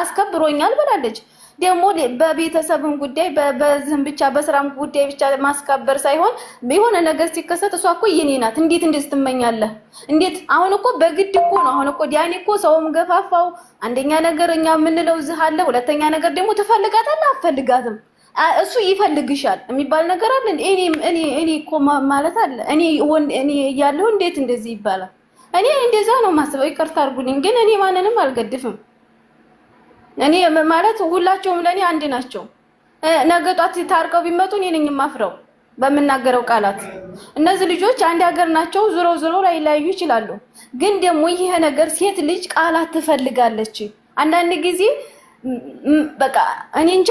አስከብሮኛል ብላለች። ደግሞ በቤተሰብም ጉዳይ በዝም ብቻ በስራም ጉዳይ ብቻ ማስከበር ሳይሆን የሆነ ነገር ሲከሰት እሷ እኮ የኔ ናት፣ እንዴት እንዴት ትመኛለህ? እንዴት አሁን እኮ በግድ እኮ ነው። አሁን እኮ ዲያኔ እኮ ሰውም ገፋፋው። አንደኛ ነገር እኛ የምንለው ዝህ አለ። ሁለተኛ ነገር ደግሞ ትፈልጋታለህ አፈልጋትም። እሱ ይፈልግሻል የሚባል ነገር አለ። እኔ እኔ እኔ እኮ ማለት አለ እኔ እኔ እያለሁ እንዴት እንደዚህ ይባላል? እኔ እንደዛ ነው ማስበው። ይቅርታ አድርጉልኝ፣ ግን እኔ ማንንም አልገድፍም። እኔ ማለት ሁላቸውም ለእኔ አንድ ናቸው። ነገ ጧት ታርቀው ቢመጡ እኔ ነኝ የማፍረው በምናገረው ቃላት። እነዚህ ልጆች አንድ ሀገር ናቸው፣ ዞሮ ላይ ላይለያዩ ይችላሉ። ግን ደግሞ ይሄ ነገር ሴት ልጅ ቃላት ትፈልጋለች አንዳንድ ጊዜ በቃ እኔ እንጃ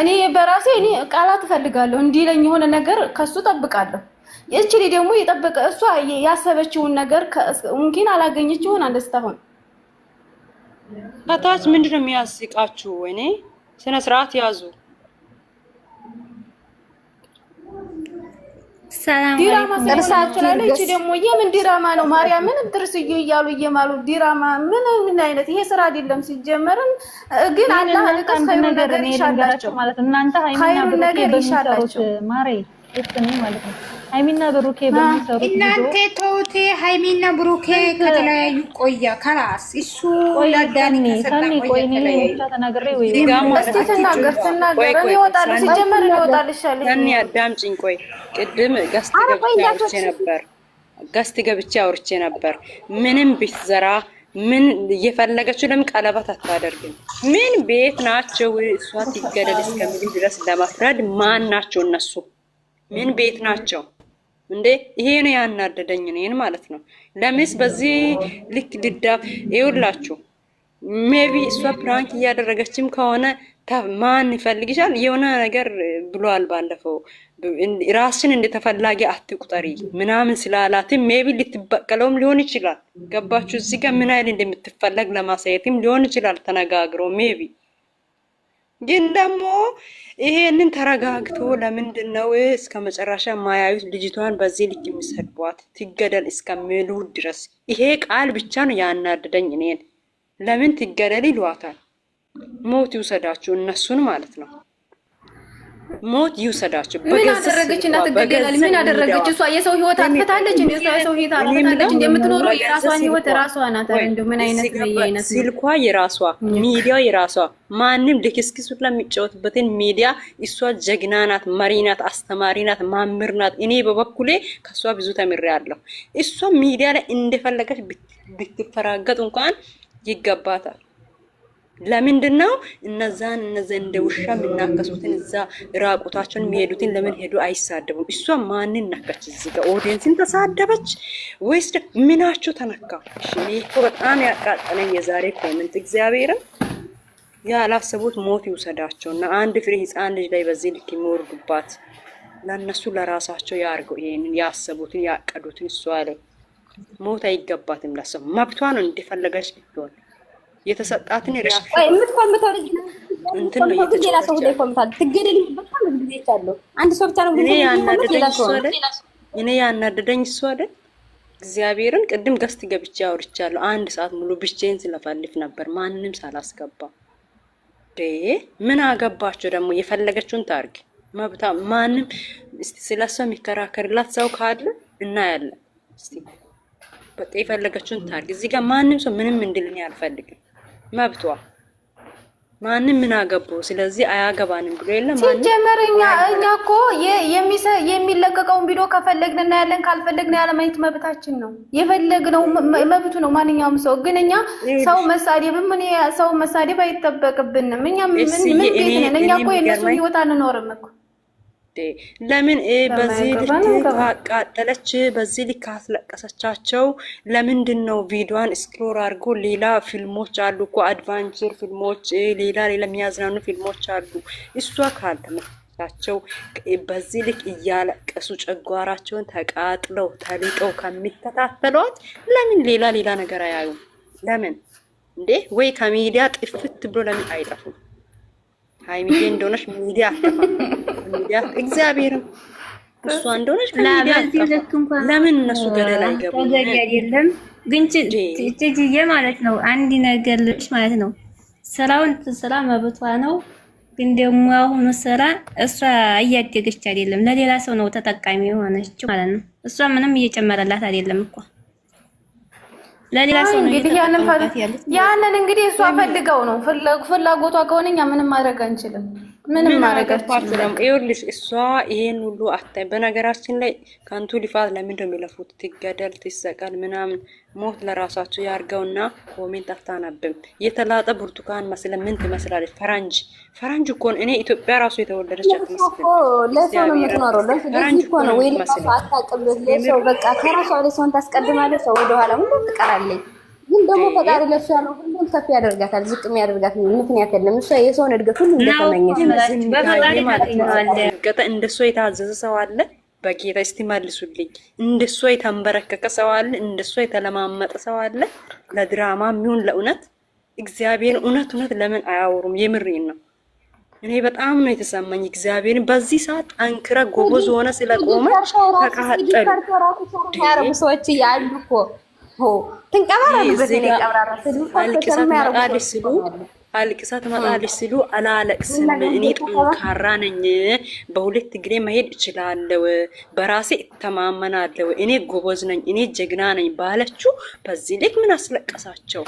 እኔ በራሴ እኔ ቃላት እፈልጋለሁ እንዲለኝ የሆነ ነገር ከሱ ጠብቃለሁ። እችሊ ደግሞ የጠበቀ እሷ ያሰበችውን ነገር ሙምኪን አላገኘችውን አንደስታሁን ከታች ምንድን ነው የሚያስቃችሁ? እኔ ስነ ስርዓት ያዙ። ዲራማ ስለሆነች ደግሞ የምን ዲራማ ነው? ማርያምን ድርስዬ እያሉ እየማሉ ዲራማ ምን ምን አይነት ይሄ ስራ አይደለም። ሲጀመርም ግን አላህ ለቀስ ኸይሩ ነገር ይሻላቸው ማለት እናንተ ኸይሩ ነገር ይሻላቸው ማሬ እጥኔ ማለት ነው ሃይሚና ብሩኬ በሚሰሩት እናንተ ተውቴ። ሃይሚና ብሩኬ ከተለያዩ ቆያ ከራስ እሱ ለዳኒ ከሰጣ ቆይኒ ብቻ ተናግሬ ወይ ይወጣል ሲጀመር ይወጣል ይሻለኝ። ያኔ አዳምጪኝ። ቆይ ቅድም ጋስት ገብቼ አውርቼ ነበር፣ ጋስት ገብቼ አውርቼ ነበር። ምንም ብትዘራ ምን እየፈለገችው ለምን ቀለበት አታደርግም? ምን ቤት ናቸው? እሷ ትገደል እስከሚል ድረስ ለመፍረድ ማን ናቸው እነሱ? ምን ቤት ናቸው? እንዴ ይሄ ነው ያናደደኝ እኔን ማለት ነው። ለምስ በዚህ ልክ ድዳብ ይውላችሁ ሜቢ እሷ ፕራንክ እያደረገችም ከሆነ ማን ይፈልግሻል? የሆነ ነገር ብሏል ባለፈው፣ ራስን እንደ ተፈላጊ አትቁጠሪ ምናምን ስላላትም ሜቢ ልትበቀለውም ሊሆን ይችላል። ገባችሁ? እዚህ ጋር ምን አይል እንደምትፈለግ ለማሳየትም ሊሆን ይችላል ተነጋግሮ ሜቢ ግን ደግሞ ይሄንን ተረጋግቶ ለምንድን ነው እስከ መጨረሻ ማያዩት? ልጅቷን በዚህ ልክ የሚሰድቧት ትገደል እስከሚሉ ድረስ ይሄ ቃል ብቻ ነው ያናደደኝ እኔን። ለምን ትገደል ይሏታል? ሞት ይውሰዳችሁ እነሱን ማለት ነው። ሞት ይውሰዳቸው። ምን አደረገች እናት ገገላል? ምን አደረገች እሷ? የሰው ህይወት አጥፍታለች እንዴ? እሷ የሰው ህይወት አጥፍታለች እንዴ? የምትኖረው የራሷን ህይወት ራሷ ናት። እንደው ምን አይነት በየአይነት ስልኳ የራሷ ሚዲያ የራሷ ማንም ልክስክስ ሁላ የሚጫወትበትን ሚዲያ እሷ ጀግና ናት፣ መሪ ናት፣ አስተማሪ ናት፣ ማምር ናት። እኔ በበኩሌ ከእሷ ብዙ ተምሬያለሁ። እሷ ሚዲያ ላይ እንደፈለገች ብትፈራገጥ እንኳን ይገባታል። ለምንድን ነው እነዛን እነዚያ እንደ ውሻ የምናከሱትን እዛ ራቁታቸውን የሚሄዱትን ለምን ሄዱ አይሳደቡም? እሷ ማንን ነካች? እዚህ ጋር ኦዲየንስን ተሳደበች ወይስ ምናቸው ተነካ? እኔ እኮ በጣም ያቃጠለኝ የዛሬ ኮመንት እግዚአብሔርን ያላሰቡት ሞት ይውሰዳቸው እና አንድ ፍሬ ሕፃን ልጅ ላይ በዚህ ልክ የሚወርዱባት ለእነሱ ለራሳቸው ያርገው። ይሄንን ያሰቡትን ያቀዱትን እሷ ላይ ሞት አይገባትም። ለሰው መብቷ ነው እንደፈለገች ብትሆን የተሰጣትን የምትኮምተው ልጅ አንድ ሰው ብቻ ነው። እኔ ያናደደኝ እሱ አይደል እግዚአብሔርን ቅድም ገስት ገብቼ አውርቻለሁ። አንድ ሰዓት ሙሉ ብቻዬን ስለፈልፍ ነበር ማንንም ሳላስገባ። ምን አገባቸው ደግሞ የፈለገችውን ታርግ መብታ። ማንም እስቲ ስለሷ የሚከራከርላት ሰው ካለ እናያለን። እስቲ በቃ የፈለገችውን ታርግ። እዚህ ጋር ማንም ሰው ምንም እንድልኝ አልፈልግም። መብቷ። ማንም ምን አገባው? ስለዚህ አያገባንም ብሎ የለም ሲጀመር፣ እኛ እኛ እኮ የሚለቀቀውን ቪዲዮ ከፈለግን እና ካልፈለግን ያለ ማየት መብታችን ነው። የፈለግነው መብቱ ነው ማንኛውም ሰው። ግን እኛ ሰው መሳደብ ምን ሰው መሳደብ አይጠበቅብንም። እኛ ምን ቤት ነን? እኛ እኮ የእነሱን ህይወት አንኖርም እኮ ውዴ ለምን በዚህ ልክ አቃጠለች፣ በዚህ ልክ አስለቀሰቻቸው? ለምንድን ነው ቪዲዮን ስክሮል አድርጎ ሌላ ፊልሞች አሉ እኮ አድቫንቸር ፊልሞች፣ ሌላ ሌላ የሚያዝናኑ ፊልሞች አሉ። እሷ ካልተመቻቸው በዚህ ልክ እያለቀሱ ጨጓራቸውን ተቃጥለው ተልጠው ከሚከታተሏት ለምን ሌላ ሌላ ነገር አያዩም? ለምን እንዴ ወይ ከሚዲያ ጥፍት ብሎ ለምን አይጠፉም? ሀይሚዬ እንደሆነች ሚዲያ ሚዲያ እግዚአብሔር እሷ እንደሆነች ለምን እነሱ ገደል አይገቡም? ግን ጭጅዬ ማለት ነው አንድ ነገር ልጅ ማለት ነው ስራውን ስራ መብቷ ነው። ግን ደግሞ አሁኑ ስራ እሷ እያደገች አይደለም፣ ለሌላ ሰው ነው ተጠቃሚ የሆነችው ማለት ነው። እሷ ምንም እየጨመረላት አይደለም እኮ ለሌላ ሰው እንግዲህ ያንን ያንን እንግዲህ እሷ ፈልገው ነው ፍላጎቷ ከሆነ እኛ ምንም ማድረግ አንችልም። ምንም ይኸውልሽ፣ እሷ ይሄን ሁሉ አታይ። በነገራችን ላይ ከንቱ ልፋት ለምንድን ነው የሚለፉት? ትገደል፣ ትሰቀል ምናምን ሞት ለራሳቸው ያርገውና ኮሜንት አታነብም። የተላጠ ብርቱካን መስለ ምን ትመስላለች? ፈረንጅ ፈረንጅ እኮ እኔ ኢትዮጵያ ራሱ የተወለደች አትመስልም። ለሰው ነው የምትኖረው። ለዚህ እኮ ነው ወይ አታውቅም። ለሰው በቃ ከራሷ ሰውን ታስቀድማለች፣ ሰው ወደኋላ ሁሉ ትቀራለች። ግን ደግሞ ፈጣሪ ለሱ ያለው ሁሉም ከፍ ያደርጋታል፣ ዝቅ ያደርጋት ምክንያት የለም። እሷ የሰውን እድገት ሁሉ እንደተመኘች በፈጣሪ ታገኘዋለህ። እንደሷ የታዘዘ ሰው አለ? በጌታ እስቲ መልሱልኝ። እንደሷ የተንበረከከ ሰው አለ? እንደሷ የተለማመጠ ሰው አለ? ለድራማ የሚሆን ለእውነት እግዚአብሔር እውነት እውነት ለምን አያወሩም? የምሬን ነው። እኔ በጣም ነው የተሰማኝ እግዚአብሔር በዚህ ሰዓት አንክራ ጎበዝ ሆነ ስለቆመ ተቃጠሉ ሰዎች ያሉ እኮ አልቅሳ ትመጣለች ሲሉ አላለቅስም። እኔ ጠንካራ ነኝ፣ በሁለት እግሬ መሄድ እችላለሁ፣ በራሴ እተማመናለሁ፣ እኔ ጎበዝ ነኝ፣ እኔ ጀግና ነኝ ባለችው በዚህ ልክ ምን አስለቀሳቸው?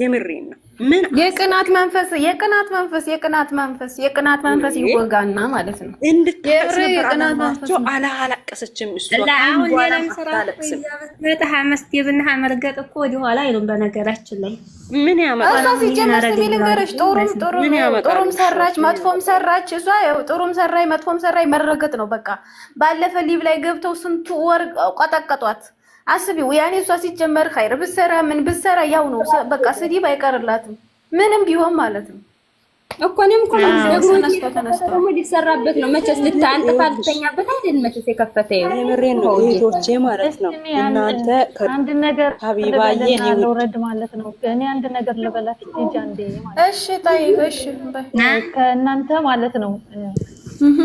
የምሬን ነው። ምን የቅናት መንፈስ የቅናት መንፈስ የቅናት መንፈስ የቅናት መንፈስ ይወጋና ማለት ነው። እንድትቀስነበራቸው አላለቀሰችም። እሱአሁን ሌላም ስራ በጣህ መስት የብናሃ መርገጥ እኮ ወደኋላ አይሉም። በነገራችን ላይ ምን ያመጣል እሷ ሲጀመር ስሚ ልንገርሽ፣ ጥሩም ጥሩም ሰራች መጥፎም ሰራች እሷ ጥሩም ሰራይ መጥፎም ሰራይ መረገጥ ነው በቃ። ባለፈ ሊብ ላይ ገብተው ስንቱ ወር ቆጠቀጧት። አስቢው ያኔ እሷ ሲጀመር ኸይር ብትሰራ ምን ብትሰራ ያው ነው በቃ ስድብ አይቀርላትም ምንም ቢሆን ማለት ነው እኮ እኔም እኮ ደግሞ ሊሰራበት ነው መቼስ ልታንጥፋ ልተኛበት አይደል መቼስ የከፈተ የምሬን ነው እህቶቼ ማለት ነው እናንተ አንድ ነገር ሀቢባዬ ልውረድ ማለት ነው እኔ አንድ ነገር ልበላት ልጅ አንዴ ማለት እሺ ታይ እሺ ከእናንተ ማለት ነው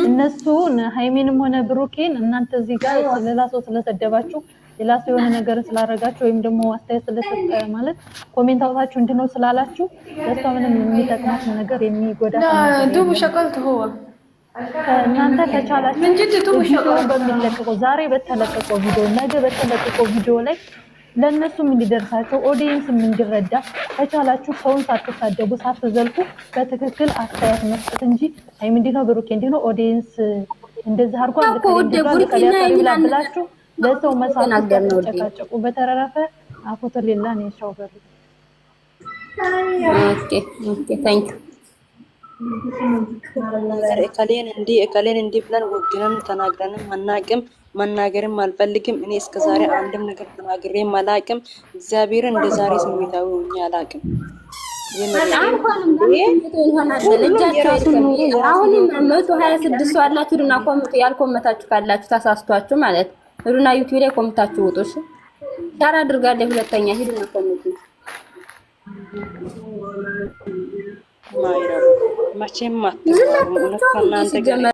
እነሱን ሀይሜንም ሆነ ብሩኬን እናንተ እዚህ ጋር ሌላ ሰው ስለሰደባችሁ ሌላ ሰው የሆነ ነገር ስላደረጋችሁ ወይም ደግሞ አስተያየት ስለሰጠ ማለት ኮሜንት አውታችሁ እንድነው ስላላችሁ ለእሷ ምንም የሚጠቅማት ነገር የሚጎዳ እናንተ ከቻላችሁ በሚለቀቀው ዛሬ በተለቀቀው ቪዲዮ፣ ነገ በተለቀቀው ቪዲዮ ላይ ለእነሱም እንዲደርሳቸው ኦዲየንስም እንዲረዳ ከቻላችሁ ሰውን ሳትሳደቡ ሳትዘልፉ በትክክል አስተያየት መስጠት እንጂ አይ ምንድነው ብሩኬ እንዲህ ነው ኦዲየንስ እንደዚህ አድርጓል ብላችሁ ለሰው መሳት ጨቃጨቁ። በተረረፈ አፎቶ ሌላ ነው የሻው ኦኬ ኦኬ ታንክ እከሌን እንዲህ እከሌን እንዲህ ብለን ወግንም ተናግረንም አናቅም። መናገርም አልፈልግም። እኔ እስከ ዛሬ አንድም ነገር ተናግሬም አላቅም። እግዚአብሔርን እንደ ዛሬ ስሜታዊ ሆኜ አላቅም። አሁንም መቶ ሀያ ስድስት ሰው ድና እና ያልኮመታችሁ ካላችሁ ተሳስቷችሁ ማለት ነው ሂዱና ዩቲዩብ ላይ ኮምታችሁ ውጡ። እሺ ሻራ አድርጋለሁ። ሁለተኛ ሂዱና ኮምቱ። ማይራ መቼም አትቀርም።